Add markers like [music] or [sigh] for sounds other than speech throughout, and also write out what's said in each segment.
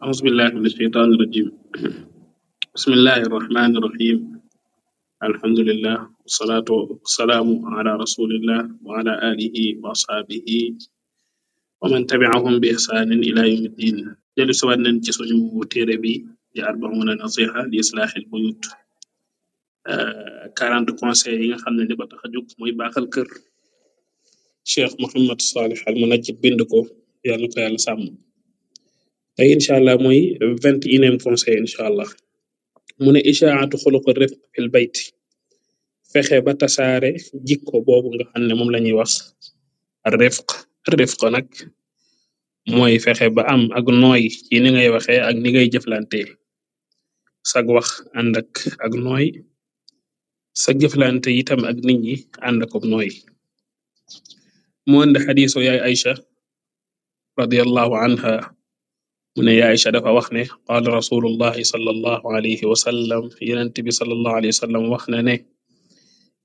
أعوذ بالله من الشيطان الرجيم بسم الله الرحمن الرحيم الحمد لله والصلاة والسلام على رسول الله وعلى آله وأصحابه ومن تبعهم بإحسان إلى bi di yi nga xam ne baaxal kër Cheikh tey incha allah mooy vingt et unième conseil incha allah mu ne ishaatu xuluqu rifq fil bayt fexe ba tasaare jikko boobu nga xam ne moom la wax wax rifq rifq nag mooy fexe ba am ak noy ci ni ngay waxee ak ni ngay jëflante sag wax ànd ak ak nooy sa jëflante yitam ak nit ñi ànd ak nooy mu ënd xadiisu yaay Aïcha radiyallahu anha mu ne Aïcha dafa wax ne qaala rasulullahi sallallahu alayhi wa bi sallallahu alayhi wa wax na ne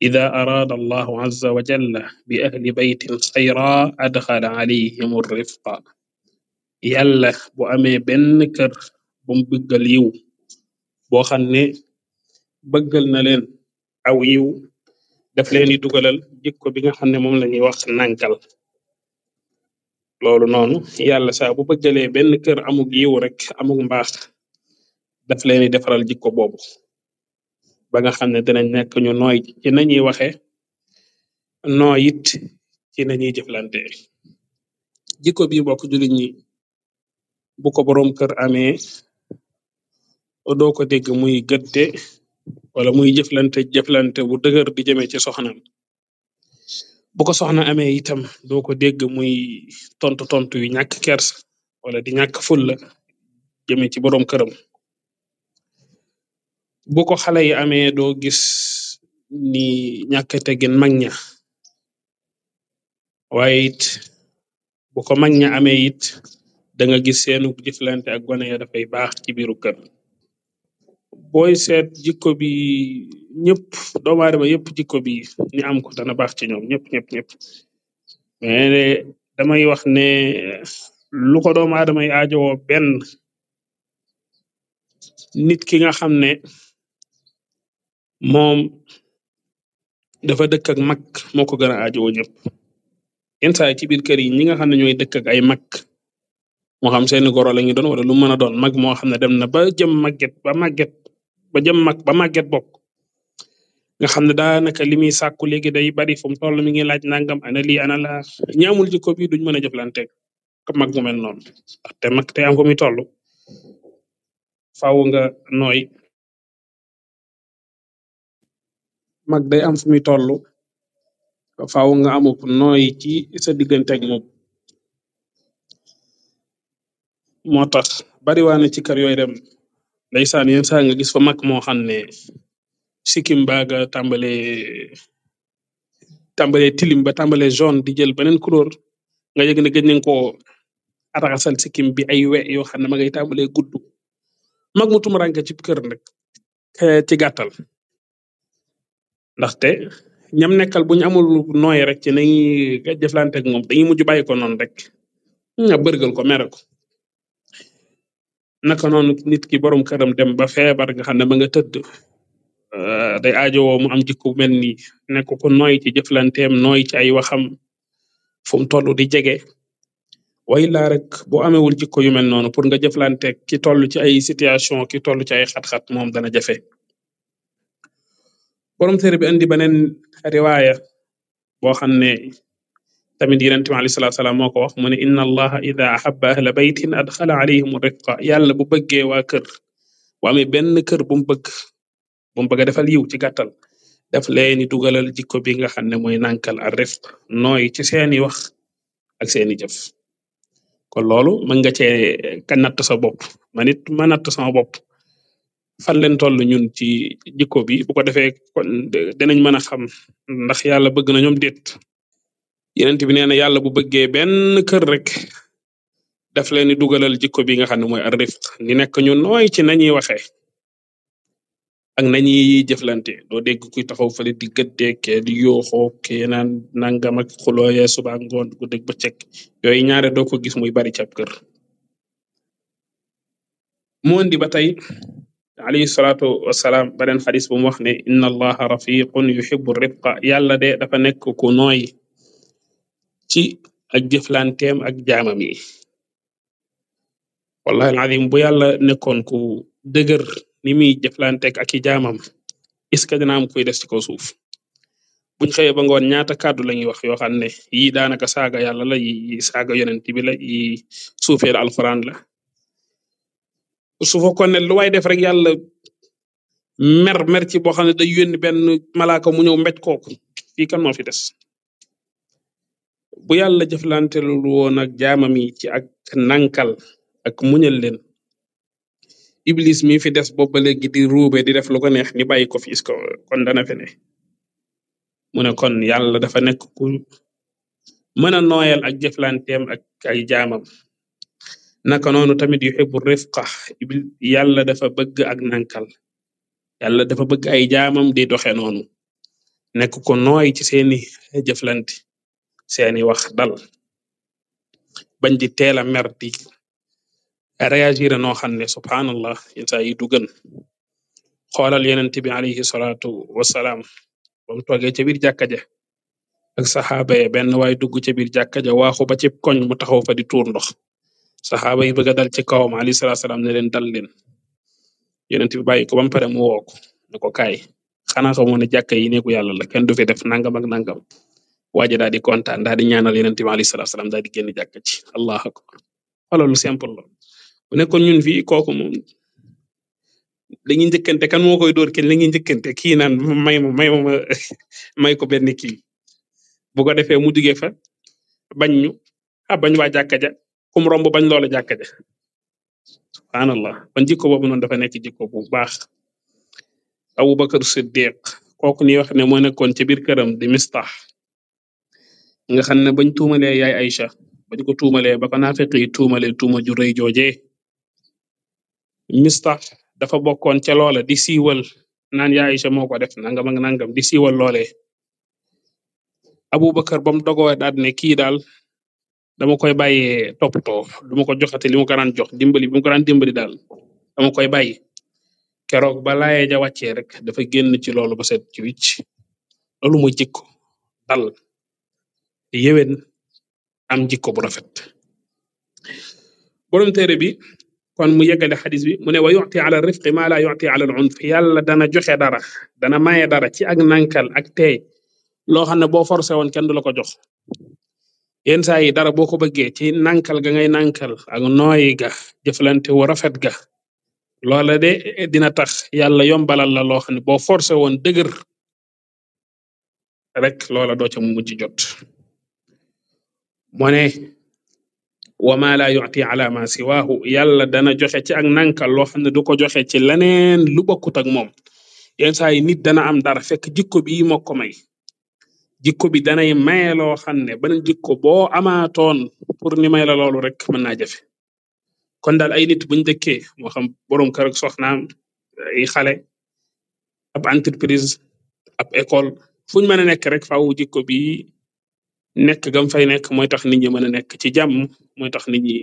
ida araada allahu azza wa jalla bi ahli xayra adxala alayhim rifqa yàlla bu amee benn kër bu mu yiw boo xam ne bëggal na leen aw yiw daf leen di dugalal jikko bi nga xam ne moom la ñuy wax nànkal loolu noonu yàlla saa bu bëggalee benn kër amug yiw rek amug mbaax daf leen di defaral jikko boobu ba nga xam ne dinañ nekk nooy ci na nañuy waxe nooy it na nañuy jëflante jikko bi bokk jullit ñi bu ko boroom kër amee doo ko dégg muy gëdde wala muy jëflante jëflante bu dëgër di jëmee ci soxnaam bu ko soxna amee itam doo ko dégg muy tontu tontu yu ñàkk kersa wala di ñàkk fulla jëmee ci boroom këram bu ko xale yi amee doo gis ni ñàkk teggin mag ña waaye it bu ko mag ña amee it da nga gis seenu jëflante ak gone ya dafay baax ci biiru kër seet jikko ñëpp doomu aadama yëpp jikko bi ñu am ko dana baax ci ñoom ñëpp ñëpp ñëpp mais damay wax ne lu ko doomu aadama yi benn nit ki nga xam ne moom dafa dëkk ak mag moo ko gën a aajowoo ñëpp yenn saa ci biir kër yi ñi nga xam ne ñooy dëkk ak ay mag moo xam seeni goro la ñu doon wala lu mën a doon mag moo xam ne dem na ba jëm màgget ba màgget ba jëm mag ba màgget bokk nga xam ne daanaka li muy sàkku léegi day bari fu mu toll mi ngi laaj nangam ana lii ana laa ñaamul jikko bi duñ mën a jëflante ak mag mu mel noonu te mag te am ko muy nga nooy mag day am fu muy toll faaw nga amuk nooy ci sa diggante ak moom moo tax bari waa na ci kër yooyu dem ndeysaan yenn saa nga gis fa mag moo ne sikim baaga tàmbalee tàmbalee tilim ba tàmbalee jaune di jël beneen couleur nga yëg ne gëj nañ koo raxasal sikkim bi ay we yoo xam ne ma ngay tàmbalee gudd mag mu tumuranke ci kër nag eh, ci gàttal ndaxte ñam nekkal bu ñu amul nooy rek ci nañuy jëflante ak moom dañuy mujj bàyyi ko noonu rek nga bërgal ko mere ko naka noonu nit ki borom këram dem ba feebar nga xam ne ma nga tëdd Euh, day aajowoo mu am jikko mel ni nekk ku nooy ci jëflanteem nooy ci ay waxam fu mu toll di jege way laa rek boo amewul jikko yu mel noonu pour nga jëflanteeg ki toll ci ay situation ki toll ci ay xat-xat moom dana jafe borom téere bi indi beneen riwaaya boo xam ne tamit yonent bi alayhi salaatu salaam moo ko wax mu ne inna allaha ida ahabba ahla baytin adxala alayhim rifqa yàlla bu bëggee waa kër bu amee benn kër bu bëgg bu mu bëgg a defal yiw ci gàttal daf le ni dugalal jikko bi nga xam ne mooy nànkal ak rif nooy ci seeni wax ak seeni jëf kon loolu mën nga cee ka natt sa bopp man it ma natt sama bopp fan leen toll ñun ci jikko bi bu ko defee kon mën a xam ndax yàlla bëgg na ñoom déet yeneen bi nee na yàlla bu bëggee benn kër rek daf leen di dugalal jikko bi nga xam ne mooy arrif ni nekk ñu nooy ci nañuy waxee ak nañuy jëflante doo dégg kuy taxaw fële di gëddee kee di yooxoo kee naan nangam ak xulooyee suba ngoon ku dégg ba cek yooyu ñaare doo ko gis muy bari cab kër mu indi ba tey alayhi salaatu wasalaam beneen xadis bu mu wax ne inna allaha rafiqun yàlla de dafa nekk ku nooy ci ak jëflanteem ak jaamam yi wallahi bu yàlla nekkoon ku dëgër ni muy jëflanteeg ak i jaamam est ce que dina am suuf buñ xëyee ba ngoon ñaata kàddu la ñuy wax yoo xam ne yii daanaka saaga yàlla la yi saaga yonent bi la yi suufeel alxuraan la su lu waay def rek yàlla mer mer ci boo xam ne day yónni benn malaaka mu ñëw mbéj kooku fii kan moo fi des bu yàlla jëflante lu woon ak jaamam yi ci ak nankal ak muñal leen Iblis mi fi des boobu ba léegi di ruube di def lu ko neex ñu bàyyi ko fi ko kon dana fi mu ne kon yàlla dafa nekk ku mën a nooyal ak jëflanteem ak ay jaamam naka noonu tamit yuhibbu rifqa yàlla dafa bëgg ak nankal yàlla dafa bëgg ay jaamam di doxe noonu nekk ko nooy ci seeni jëflante seeni wax dal bañ di teel mer di réagir noo xam ne subhanallah yenn saa yi du gën xoolal yenent bi alayhi salaatu wasalaam mu toogee ca biir jàkka ja ak saxaaba ya benn waay dugg ca biir jàkka ja waaxu ba ci koñ mu taxaw fa di tuur ndox saxaaba yi bëgg a dal ci kawam alayhi salaatu ne leen dal leen yenent bi bay ko ba mu pare mu woo ko ne ko kaay xanaa xamoo ne jàkka yi neeku yàlla la kenn du fi def nangam ak nangam waaja daal di kontaan daal di ñaanal yenent bi alayhi salaatu wasalaam di génn jàkka ci allah akbar xoolal simple mu ne kon ñun fii kooku moom dañuy njëkkante kan moo koy dóor kenn la ñuy njëkkante kii naan may ma may ma [laughs] may ko benn kii bu ko defee mu jugee fa bañ ñu ah bañ waa jàkka ja ku romb bañ loola jàkka ja subhanallah kon jikko boobu noonu dafa nekk jikko bu baax Abubakar Siddiq kooku ni wax ne moo nekkoon ci biir këram di Mistah nga xam ne bañ tuumalee yaay Aïcha bañ ko tuumalee ba ko naafeq yi tuumalee tuuma ju rëy Mistah dafa bokkoon ca loola di siiwal naan yaa Aïcha moo ko def nangam ak nangam di siiwal loolee Abubakar ba mu dogoo daal ne kii daal dama koy bàyyee toppatoo du ma ko joxate li mu ko daan jox dimbali bi ko daan dimbali daal dama koy bàyyi keroog ba laayee ja wàccee rek dafa génn ci loolu ba set ci wicc loolu mooy jikko dal yéwén am jikko bu rafet borom bi kon mu yëggale xadis bi mu ne wa yuti ala rifqi maa laa yuti ala al unf dana joxe dara dana maye dara ci ak nankal ak teey loo xam ne boo forcé woon kenn du la ko jox yenn saa yi dara boo ko bëggee ci nankal ga ngay nankal ak nooyi ga jëflante wu rafet ga loola de dina tax yàlla yombalal la loo xam ne boo forcé woon dëgër rek loola doo ca mujj jot moo wa ma yo yu'ti ala si siwaahu yàlla dana joxe ci ak nankal loo xam ne du ko joxe ci leneen lu bokkut ak moom yenn yi nit dana am dara fekk jikko bi moo ko may jikko bi danay maye loo xam ne beneen jikko boo amaatoon pour ni may la loolu rek mën naa jafe kon daal ay nit buñ dëkkee moo xam borom kër ak soxnaam ay xale ab entreprise ab école fuñ mën a nekk rek faaw jikko bi nekk gam fay nekk mooy tax nit ñi mën a nekk ci jàmm mooy tax nit ñi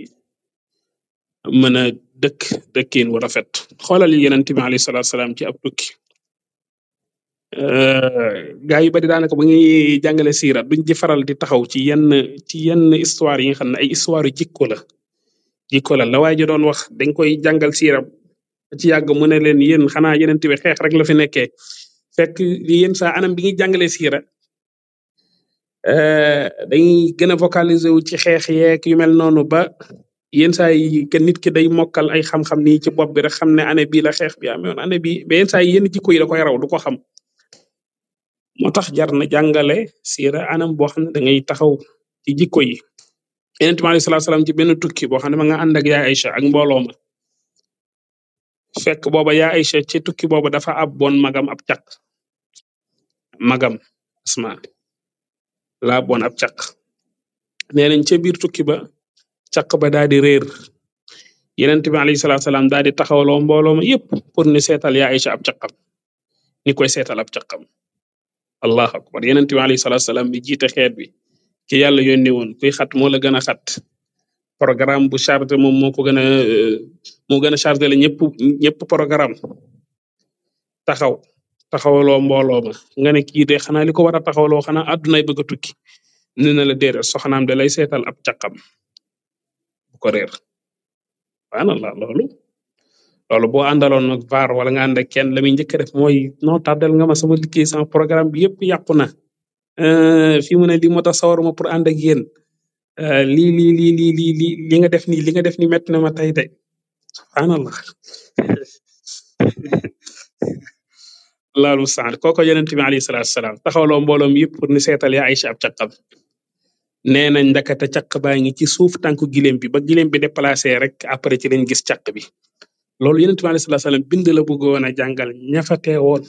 mën a dëkk dëkkiin wu rafet xoolal yonent bi alayhi salaatu salaam ci ab tukki gaa yu bari daanaka bu ñuy jàngale siira duñ ci faral di taxaw ci yenn ci yenn histoire yi nga xam ne ay histoire jikko la jikko la waaye ji doon wax dañ koy jàngal siira ci yàgg mu ne leen yéen xanaa yonent bi xeex rek la fi nekkee fekk yéen saa anam bi ñuy jàngale siira Eh, dañuy gën a vocaliser wu ci xeex yeeg yu mel noonu ba yenn saa yi nit ki day mokkal ay xam-xam nii ci bopp bi rek xam ne année bii la xeex bi amee woon année bii mais yenn saa yi yenn raw du ko xam moo tax jar na jàngale siira anam boo xam ne da ngay taxaw ci jikko yi. Yonent bi alayhi salaatu salaam ci benn tukki boo xam ne ma nga ànd ak yaa Aïcha ak mbooloo ma booba yaa Aïcha ci tukki booba dafa ab bon magam ab caq magam Asma. laaboon ab caq nee nañ ca biir tukki ba caq ba daal di réer yenent bi alayhi salaatu salaam daal di taxawaloo mbooloo ma yépp pour ni seetal yaa Aïcha ab caqam ni koy seetal ab caqam allahu akbar yenent bi alayhi salaatu salaam bi jiite xeet bi ki yàlla yónni woon kuy xat moo la gën a xat programme bu chargé moom moo ko gën a moo gën a chargé la ñëpp ñëpp programme taxaw taxawaloo mbooloo ma nga ne kii de xanaa li ko war a taxawaloo xanaa àddunay bëgg a na la déedéet soxnaam de lay seetal ab caqam bu ko réer subhanallah loolu loolu boo àndaloon nag vaar wala nga ànd ak kenn la muy njëkk a def mooy non tardel nga ma sama liggéey sama programme bi yëpp yàqu na euh, fii mu ne lii moo tax sawaruma pour ànd yéen euh, lii lii lii lii lii lii li nga def nii li nga def nii métti na ma tey de subhanallah [laughs] laalu saad kooko yonent bi alayhi salaatu salaam taxawloo mbooloom yëpp pour ni seetalee Aïcha ab caqam nee nañ ndakate caq baa ngi ci suuf tànku gileem bi ba gileem bi déplacé rek après ci lañ gis caq bi loolu yonent bi alayhi salaatu salaam bind la woon a jàngal ñafatee woon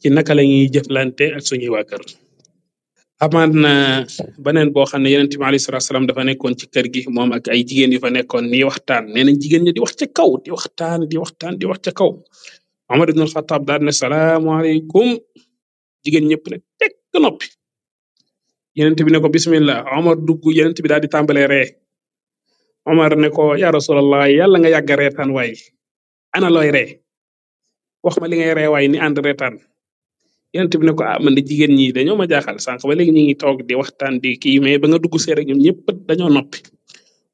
ci naka la ñuy jëflante ak suñuy waa kër amaat na beneen boo xam ne yonent bi alayhi salaatu salaam dafa nekkoon ci kër gi moom ak ay jigéen yu fa nekkoon nii waxtaan nee nañ jigéen ñi di wax ca kaw di waxtaan di waxtaan di wax ca kaw Omar ibn al-Khattab daal ne salaamaaleykum jigéen ñëpp ne tekk noppi yenent bi ne ko bismillah Omar dugg yenent bi daal di tàmbalee ree Omar ne ko ya rasulallah yàlla nga yàgg a reetaan ana looy ree wax ma li ngay ree waay ni ànd reetaan yenent bi ne ko ah man de jigéen ñi dañoo ma jaaxal sànq ba léegi ñu ngi toog di waxtaan di kii mais ba nga dugg see ñoom ñëpp dañoo noppi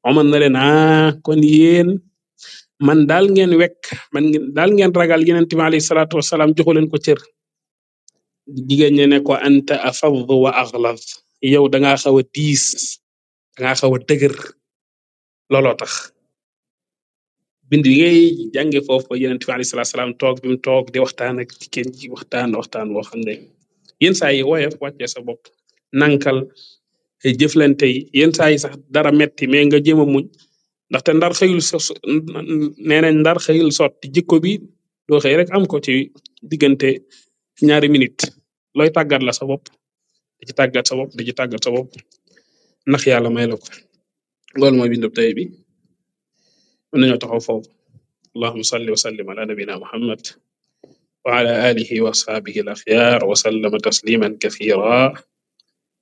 Omar na leen ah, kon yéen man daal ngeen wekk man daal ngeen ragal yonent bi alayhi salaatu wasalaam leen ko cër jigéen ñi ne ko anta afad wa aghlaz yow da ngaa xaw a diis da ngaa a dëgër tax bind yi ngay jànge foofu yonent bi alayhi salaatu wasalaam toog bi mu toog di waxtaan ak jigéen ji waxtaan waxtaan boo xam ne yenn saa yi woyof sa bopp nankal jëflante yi yenn saa yi sax dara metti mais nga jéem a muñ ndaxte ndar xëyul so nee nañ ndar xëyul sotti jikko bi doo xëy rek am ko ci diggante ñaari minit looy tàggat la sa bopp di ci tàggat sa bopp di ci tàggat sa bopp ndax yàlla may la ko loolu mooy bindub tey bi mën nañoo taxaw foofu allahuma salli wa sallim ala nabina muhammad wa ala alihi wa asxaabihi al axyaar wa sallama tasliman kathira